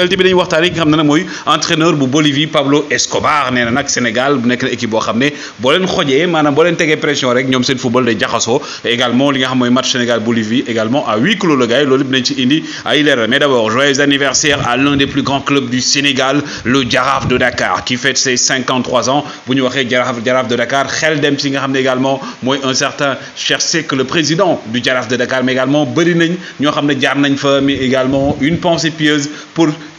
actualité bi nga entraîneur bu Bolivie Pablo Escobar néna nak Sénégal bu nek na équipe boo xam ne boo leen xojee maanaam boo pression rek ñom seen football day jaxasoo également li nga xam match Sénégal Bolivie également à huis clos le gars lolu loolu dinañ ci indi ay leeral mais d'abord joyeux anniversaire à l'un des plus grands clubs du Sénégal le Jaraaf de Dakar qui fête ses 53 ans bu ñu Jaraaf de Dakar xel dem ci nga xamné également moy un certain Cheikh que le président du Jaraaf de Dakar mais également bari nañ ño xamné ne jaar nañ fa mais également une pensée pieuse pour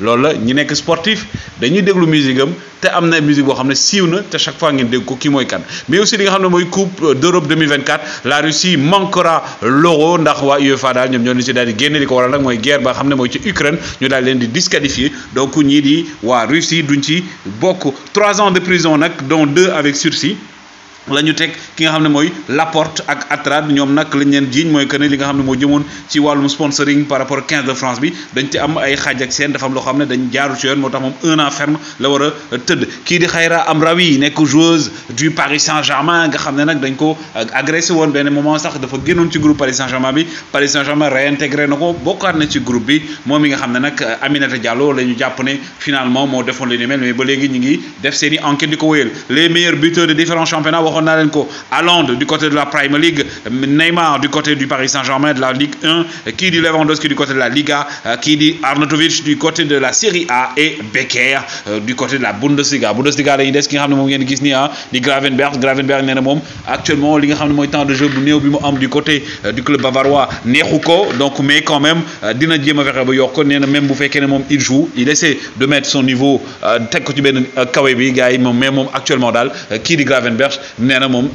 Lola, la ñi sportive, sportif dañuy déglu musique am te musique bo xamné siwna té chaque fois ngeen mais aussi li nga coupe d'Europe 2024 la Russie manquera l'euro ndax wa UEFA une guerre ba xamné nous Ukraine ñu di disqualifier donc ñi di Russie duñ ci trois ans de prison dont deux avec sursis lañu tek ki nga xam moy mooy Laporte ak Atrad ñom nak lañ leen diñ moy que ne li nga xam mo moo ci wàllum sponsoring par rapport 15 de France bi dañ ci am ay xaaj ak seen dafa am lo xam dañ jaaru ci yoon motax mom 1 an ferme la wara teud ki di xeyra am rawi nek joueuse du Paris Saint-Germain nga xam nak dañ ko agressé won ben moment sax dafa génnoon ci groupe Paris Saint-Germain bi Paris Saint-Germain réintégré nako bokkat na ci groupe bi mom nga xam nak Aminata Diallo lañu japp jàpp ne finalement mo defoon li ni mel mais ba légui ñu ngi def seen enquête diko wëyel les meilleurs buteurs de différents championnats waxoon à Londres du côté de la Premier League Neymar du côté du Paris Saint-Germain de la Ligue 1 qui dit Lewandowski du côté de la Liga euh, qui dit Arnautovic du côté de la Serie A et Becker euh, du côté de la Bundesliga Bundesliga les ñuy qui ki nga xam de moom de gis hein, Gravenberg ah di Gravenberch Gravenberch actuellement li nga xam ne temps de jeu du côté euh, du club bavarois neexu donc mais quand même dina jéem a rabo ba même bu fekkee il joue il essaie de mettre son niveau tel ko ci ben kawe bi mais actuellement qui qui di Gravenberch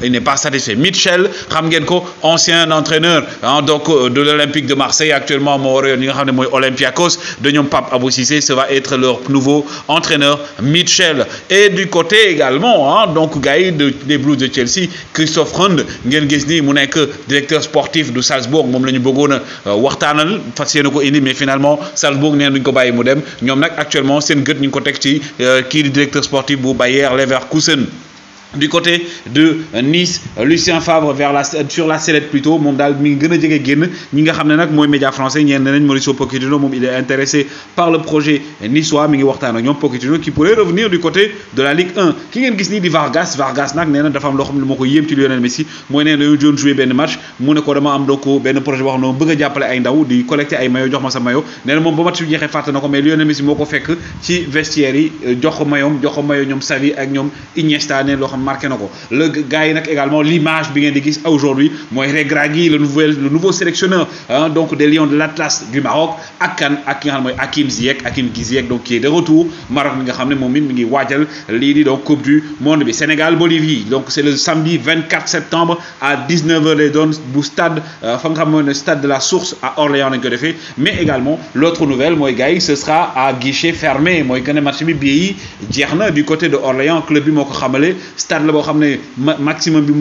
il n'est pas satisfait Mitchell Ramgenko, ancien entraîneur hein, donc euh, de l'Olympique de Marseille actuellement il est Olympiakos de ñoom Pape Abou Cissé va être leur nouveau entraîneur Mitchell et du côté également hein, donc Gaël de des Blues de Chelsea Christophe Rund ngeen directeur sportif du Salzbourg euh, mais finalement Salzbourg n'est pas ko bàyyi mu actuellement seen gët ñu ko euh, directeur sportif du Bayer Leverkusen du côté de Nice Lucien Favre vers la sur la sellette plutôt moom daal mi ngi jëgé genn ñi nga xamné nak moy média français ñeen nañ Mauricio Pochettino mom il est intéressé par le projet niçois mi ngi waxtaan ak ñom Pochettino qui pourrait revenir du côté de la Ligue 1 ki ngeen gis ni di Vargas Vargas N'ak néna na dafa am lo xam ne yëm ci Lionel Messi moy néna ñu dañoo jouer benn match mu ne ko dama am donc benn projet boo non, ne bëgg a ay ndaw di collecter ay maillot jox ma sa maillot néna mom bu match bi jeexee fàtte N'ako, mais Lionel Messi moko fekk ci vestiaire yi jox maillot jox maillot ak ñom Iniesta nee marqué le gars yi également l'image bien ngeen di aujourd'hui moi Regragui le nouvel le nouveau sélectionneur hein, donc des Lions de l'Atlas du Maroc ak akim ak ziek nga xam Hakim donc qui est de retour Maroc mi nga xam ne moom donc coupe du monde bi Sénégal Bolivie donc c'est le samedi 24 septembre à 19h les dons bu stade euh, fa le stade de la Source à Orléans lañ mais également l'autre nouvelle moi gars yi ce sera à guichet fermé moi que ne match bi bii du côté de Orléans club bi moko xamalé stade la bo xamné maximum bi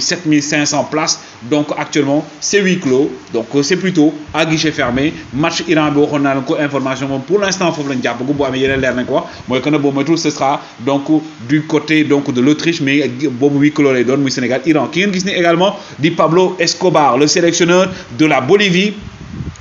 7500 places donc actuellement c'est huis clos donc c'est plutôt à guichet fermé match Iran bi on a ko information pour l'instant il lañ gu bo amee yeneen lèr nañ ko wax moy que na bo ce sera donc du côté donc de l'Autriche mais a huis clos lay don muy Sénégal Iran Qui est également di Pablo Escobar le sélectionneur de la Bolivie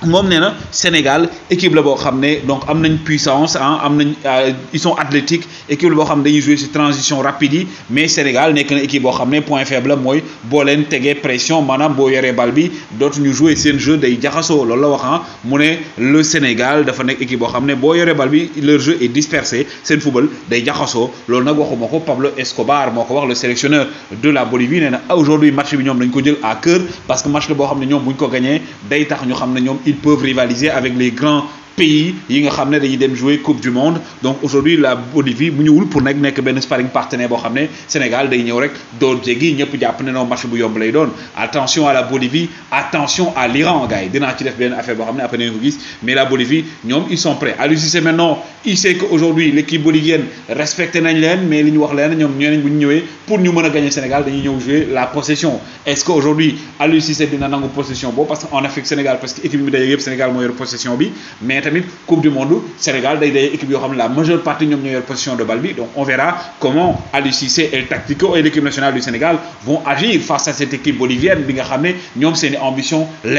mom néna Sénégal équipe la bo xamné donc am une puissance hein am euh, ils sont athlétiques équipe la boo xam dañuy jouer ci transition rapide mais Sénégal n'est na équipe bo xamné point faible moy bo len leen pression manam bo yoré bal bi dotu ñu jouer sen jeu day jaxaso loolu la wax hein mu le Sénégal dafa nek équipe bo xamné bo yoré bal bi leur jeu est dispersé sen football day jaxaso loolu nak waxuma Pablo Escobar moko wax le sélectionneur de la Bolivie nee na aujourd'hui match bi ñom dañ ko jël à cœur parce que match la bo xamné ñom buñ ko gagné day tax ñu xamné ñom peuvent rivaliser avec les grands pays yi nga xamné dañuy dem jouer coupe du monde donc aujourd'hui la Bolivie bu ñëwul pour nekk nek ben sparring partenaire bo xamné Sénégal day ñëw rek door jéggi ñëpp japp né non match bu yomb lay doon attention à la Bolivie attention à l'Iran gars dina ci def ben affaire bo xamné après ñu ko gis mais la Bolivie ñom ils sont prêts si c'est maintenant il sait que aujourd'hui l'équipe bolivienne respecté nañ leen mais liñ wax leen ñom ñeneen bu ñu pour ñu mëna gagner Sénégal dañuy ñëw jouer la possession est-ce que aujourd'hui Aliou c'est dina nangu possession bo parce que en Afrique Sénégal parce que équipe bi day daje Sénégal mo yor possession bi mais coupe du monde Sénégal day équipe la majeure partie de la position de balle donc on verra comment Ali Cissé et Tactico et l'équipe nationale du Sénégal vont agir face à cette équipe bolivienne bi nga xamné ñom ambition et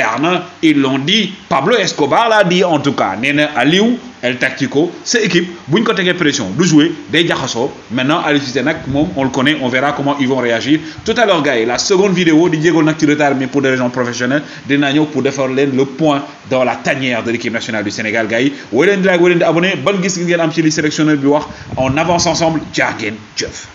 ils l'ont dit Pablo Escobar l'a dit en tout cas néna allez où El Tactico cette équipe bu ñu ko pression du jouer des garçons. maintenant à l'issue on le connaît on verra comment ils vont réagir tout à l'heure gars la seconde vidéo de diego nag mais pour des raisons professionnelles des ñëw pour défendre le point dans la tanière de l'équipe nationale du Sénégal gars Vous êtes leen vous like abonné ban gis am on avance ensemble jaa ngeen